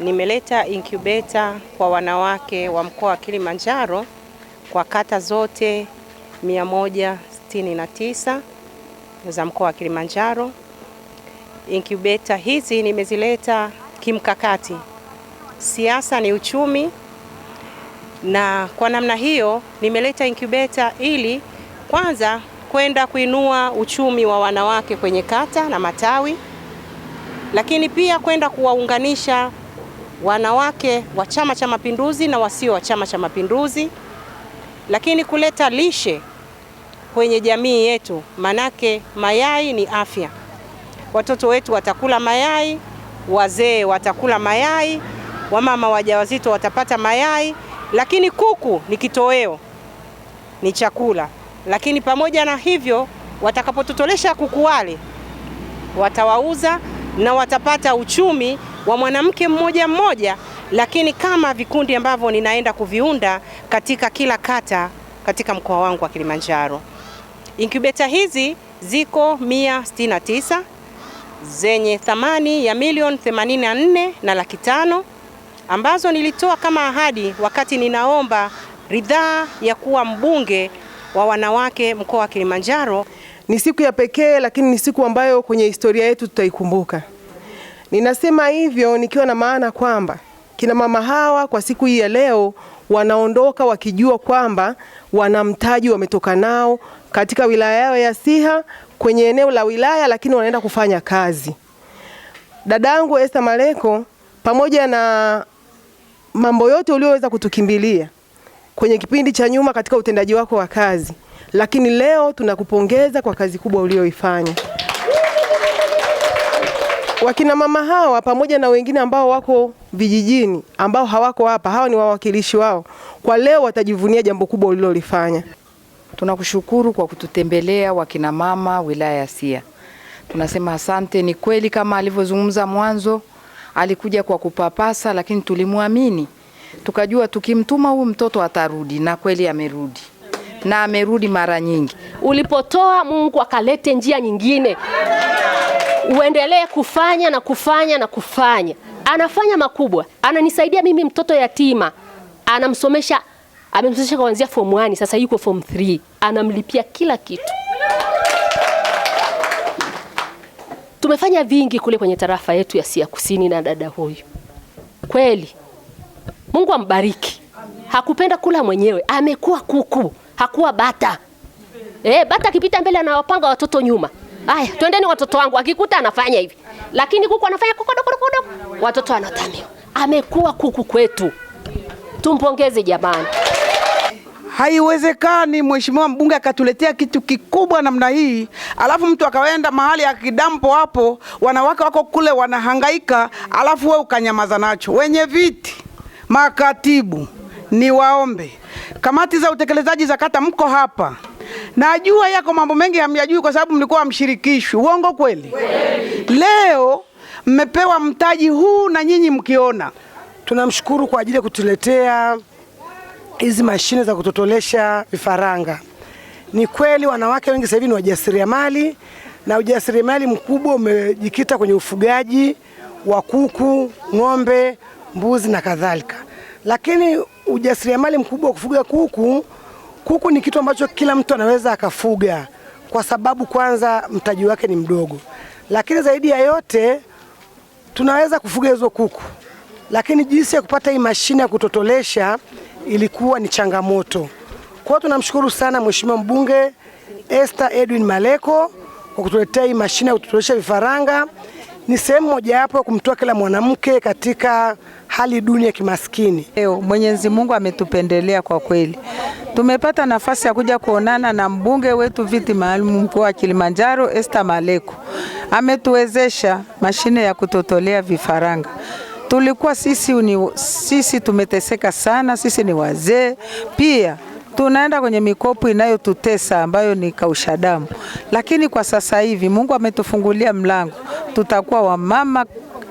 Nimeleta incubator kwa wanawake wa mkoa wa Kilimanjaro kwa kata zote 169 za mkoa wa Kilimanjaro. Incubator hizi nimezileta kimkakati, siasa ni uchumi, na kwa namna hiyo nimeleta incubator ili kwanza kwenda kuinua uchumi wa wanawake kwenye kata na matawi, lakini pia kwenda kuwaunganisha wanawake wa Chama cha Mapinduzi na wasio wa Chama cha Mapinduzi, lakini kuleta lishe kwenye jamii yetu, manake mayai ni afya. Watoto wetu watakula mayai, wazee watakula mayai, wamama wajawazito watapata mayai, lakini kuku ni kitoweo, ni chakula. Lakini pamoja na hivyo, watakapototolesha kuku wale watawauza na watapata uchumi wa mwanamke mmoja mmoja, lakini kama vikundi ambavyo ninaenda kuviunda katika kila kata katika mkoa wangu wa Kilimanjaro. inkubeta hizi ziko 169 zenye thamani ya milioni 84 na laki tano ambazo nilitoa kama ahadi wakati ninaomba ridhaa ya kuwa mbunge wa wanawake mkoa wa Kilimanjaro. Ni siku ya pekee, lakini ni siku ambayo kwenye historia yetu tutaikumbuka. Ninasema hivyo nikiwa na maana kwamba kina mama hawa kwa siku hii ya leo wanaondoka wakijua kwamba wana mtaji wametoka nao katika wilaya yao ya Siha kwenye eneo la wilaya, lakini wanaenda kufanya kazi. Dadangu Esther Maleko, pamoja na mambo yote ulioweza kutukimbilia kwenye kipindi cha nyuma katika utendaji wako wa kazi, lakini leo tunakupongeza kwa kazi kubwa uliyoifanya. Wakina mama hawa pamoja na wengine ambao wako vijijini ambao hawako hapa, hawa ni wawakilishi wao, kwa leo watajivunia jambo kubwa ulilolifanya. Tunakushukuru kwa kututembelea wakina mama wilaya ya Sia, tunasema asante. Ni kweli kama alivyozungumza mwanzo, alikuja kwa kupapasa, lakini tulimwamini tukajua tukimtuma huyu mtoto atarudi, na kweli amerudi na amerudi mara nyingi. Ulipotoa Mungu akalete njia nyingine uendelee kufanya na kufanya na kufanya. Anafanya makubwa, ananisaidia mimi, mtoto yatima, anamsomesha, amemsomesha kuanzia form 1 sasa yuko form 3, anamlipia kila kitu. Tumefanya vingi kule kwenye tarafa yetu ya Siha Kusini na dada huyu, kweli Mungu ambariki. Hakupenda kula mwenyewe, amekuwa kuku, hakuwa bata. Eh, bata akipita mbele anawapanga watoto nyuma. Aya, twendeni watoto wangu, akikuta anafanya hivi, lakini kuku anafanya kokodokodokodo, watoto wanatamiwa. Amekuwa kuku kwetu, tumpongeze jamani. Haiwezekani mheshimiwa mbunge akatuletea kitu kikubwa namna hii, alafu mtu akaenda mahali ya kidampo hapo, wanawake wako kule wanahangaika, alafu we ukanyamaza nacho. Wenye viti, makatibu, ni waombe kamati za utekelezaji za kata, mko hapa Najua yako mambo mengi hamyajui kwa sababu mlikuwa mshirikishwi. Uongo kweli? Leo mmepewa mtaji huu na nyinyi mkiona. Tunamshukuru kwa ajili ya kutuletea hizi mashine za kutotolesha vifaranga. Ni kweli wanawake wengi sasa hivi ni wajasiriamali na ujasiriamali mkubwa umejikita kwenye ufugaji wa kuku, ng'ombe, mbuzi na kadhalika, lakini ujasiriamali mkubwa wa kufuga kuku Kuku ni kitu ambacho kila mtu anaweza akafuga, kwa sababu kwanza mtaji wake ni mdogo, lakini zaidi ya yote tunaweza kufuga hizo kuku, lakini jinsi ya kupata hii mashine ya kutotolesha ilikuwa ni changamoto. Kwa hiyo tunamshukuru sana Mheshimiwa mbunge Esther Edwin Maleko kwa kutuletea hii mashine ya kutotolesha vifaranga ni sehemu mojawapo kumtoa kila mwanamke katika hali duni ya kimaskini. Leo Mwenyezi Mungu ametupendelea kwa kweli, tumepata nafasi ya kuja kuonana na mbunge wetu viti maalum mkoa wa Kilimanjaro, Esther Maleko. Ametuwezesha mashine ya kutotolea vifaranga tulikuwa sisi, uni, sisi tumeteseka sana. Sisi ni wazee pia, tunaenda kwenye mikopo inayotutesa ambayo ni kausha damu, lakini kwa sasa hivi Mungu ametufungulia mlango tutakuwa wamama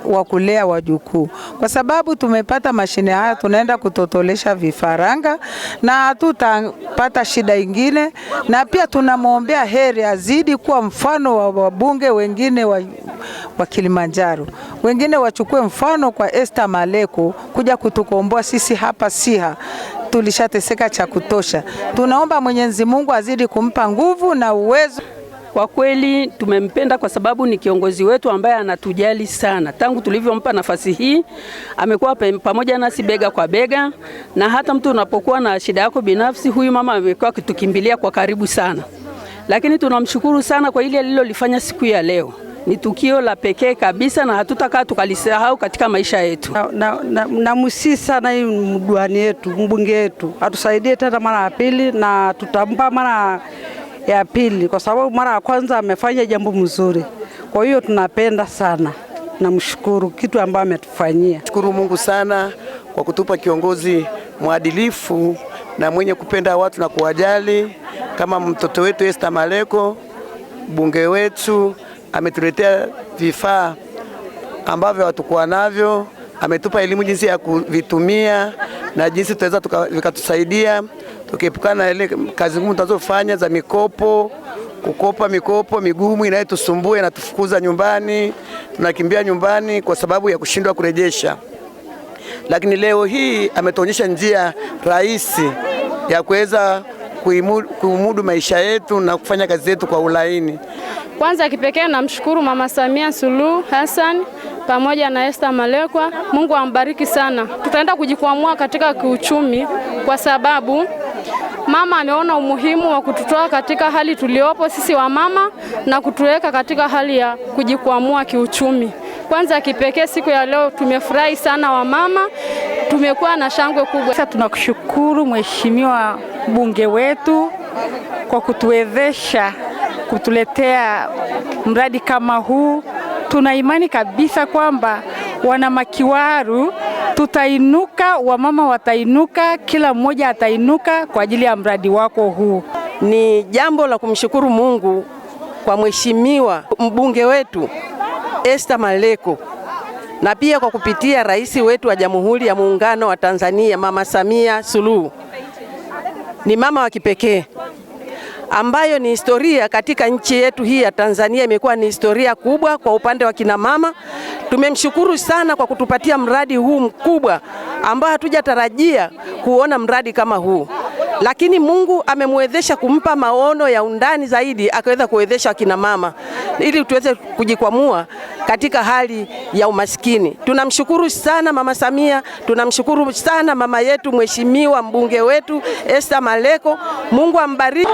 wa kulea wajukuu kwa sababu tumepata mashine haya, tunaenda kutotolesha vifaranga na hatutapata shida ingine, na pia tunamwombea heri azidi kuwa mfano wa wabunge wengine wa, wa Kilimanjaro, wengine wachukue mfano kwa Esther Maleko kuja kutukomboa sisi hapa Siha tulishateseka cha kutosha. Tunaomba Mwenyezi Mungu azidi kumpa nguvu na uwezo. Kwa kweli tumempenda kwa sababu ni kiongozi wetu ambaye anatujali sana. Tangu tulivyompa nafasi hii, amekuwa pamoja nasi bega kwa bega, na hata mtu unapokuwa na shida yako binafsi, huyu mama amekuwa akitukimbilia kwa karibu sana. Lakini tunamshukuru sana kwa ile alilolifanya siku ya leo. Ni tukio la pekee kabisa na hatutakaa tukalisahau katika maisha yetu. Namsii na, na, sana hii mdiwani yetu, mbunge wetu atusaidie tena mara ya pili, na tutampa mara ya pili, kwa sababu mara ya kwanza amefanya jambo mzuri. Kwa hiyo tunapenda sana, namshukuru kitu ambayo ametufanyia. Shukuru Mungu sana kwa kutupa kiongozi mwadilifu na mwenye kupenda watu na kuwajali kama mtoto wetu Esther Maleko, mbunge wetu ametuletea vifaa ambavyo hatukuwa navyo, ametupa elimu jinsi ya kuvitumia na jinsi tunaweza vikatusaidia tukiepukana na ile kazi ngumu tunazofanya za mikopo, kukopa mikopo migumu inayotusumbua inatufukuza nyumbani, tunakimbia nyumbani kwa sababu ya kushindwa kurejesha. Lakini leo hii ametuonyesha njia rahisi ya kuweza kuumudu maisha yetu na kufanya kazi zetu kwa ulaini. Kwanza kipekee namshukuru Mama Samia Suluhu Hassan pamoja na Esther Malekwa. Mungu ambariki sana. Tutaenda kujikwamua katika kiuchumi kwa sababu Mama ameona umuhimu wa kututoa katika hali tuliopo sisi wamama na kutuweka katika hali ya kujikwamua kiuchumi. Kwanza kipekee siku ya leo tumefurahi sana wamama, tumekuwa na shangwe kubwa. Sasa tunakushukuru mheshimiwa mbunge wetu kwa kutuwezesha kutuletea mradi kama huu. Tuna imani kabisa kwamba wana Makiwaru tutainuka, wamama watainuka, kila mmoja atainuka kwa ajili ya mradi wako huu. Ni jambo la kumshukuru Mungu kwa mheshimiwa mbunge wetu Esther Maleko na pia kwa kupitia rais wetu wa Jamhuri ya Muungano wa Tanzania Mama Samia Suluhu. Ni mama wa kipekee ambayo ni historia katika nchi yetu hii ya Tanzania. Imekuwa ni historia kubwa kwa upande wa kinamama. Tumemshukuru sana kwa kutupatia mradi huu mkubwa ambao hatujatarajia kuona mradi kama huu lakini Mungu amemwezesha kumpa maono ya undani zaidi, akaweza kuwezesha akina mama ili tuweze kujikwamua katika hali ya umaskini. Tunamshukuru sana Mama Samia, tunamshukuru sana mama yetu mheshimiwa mbunge wetu Esther Maleko. Mungu ambariki.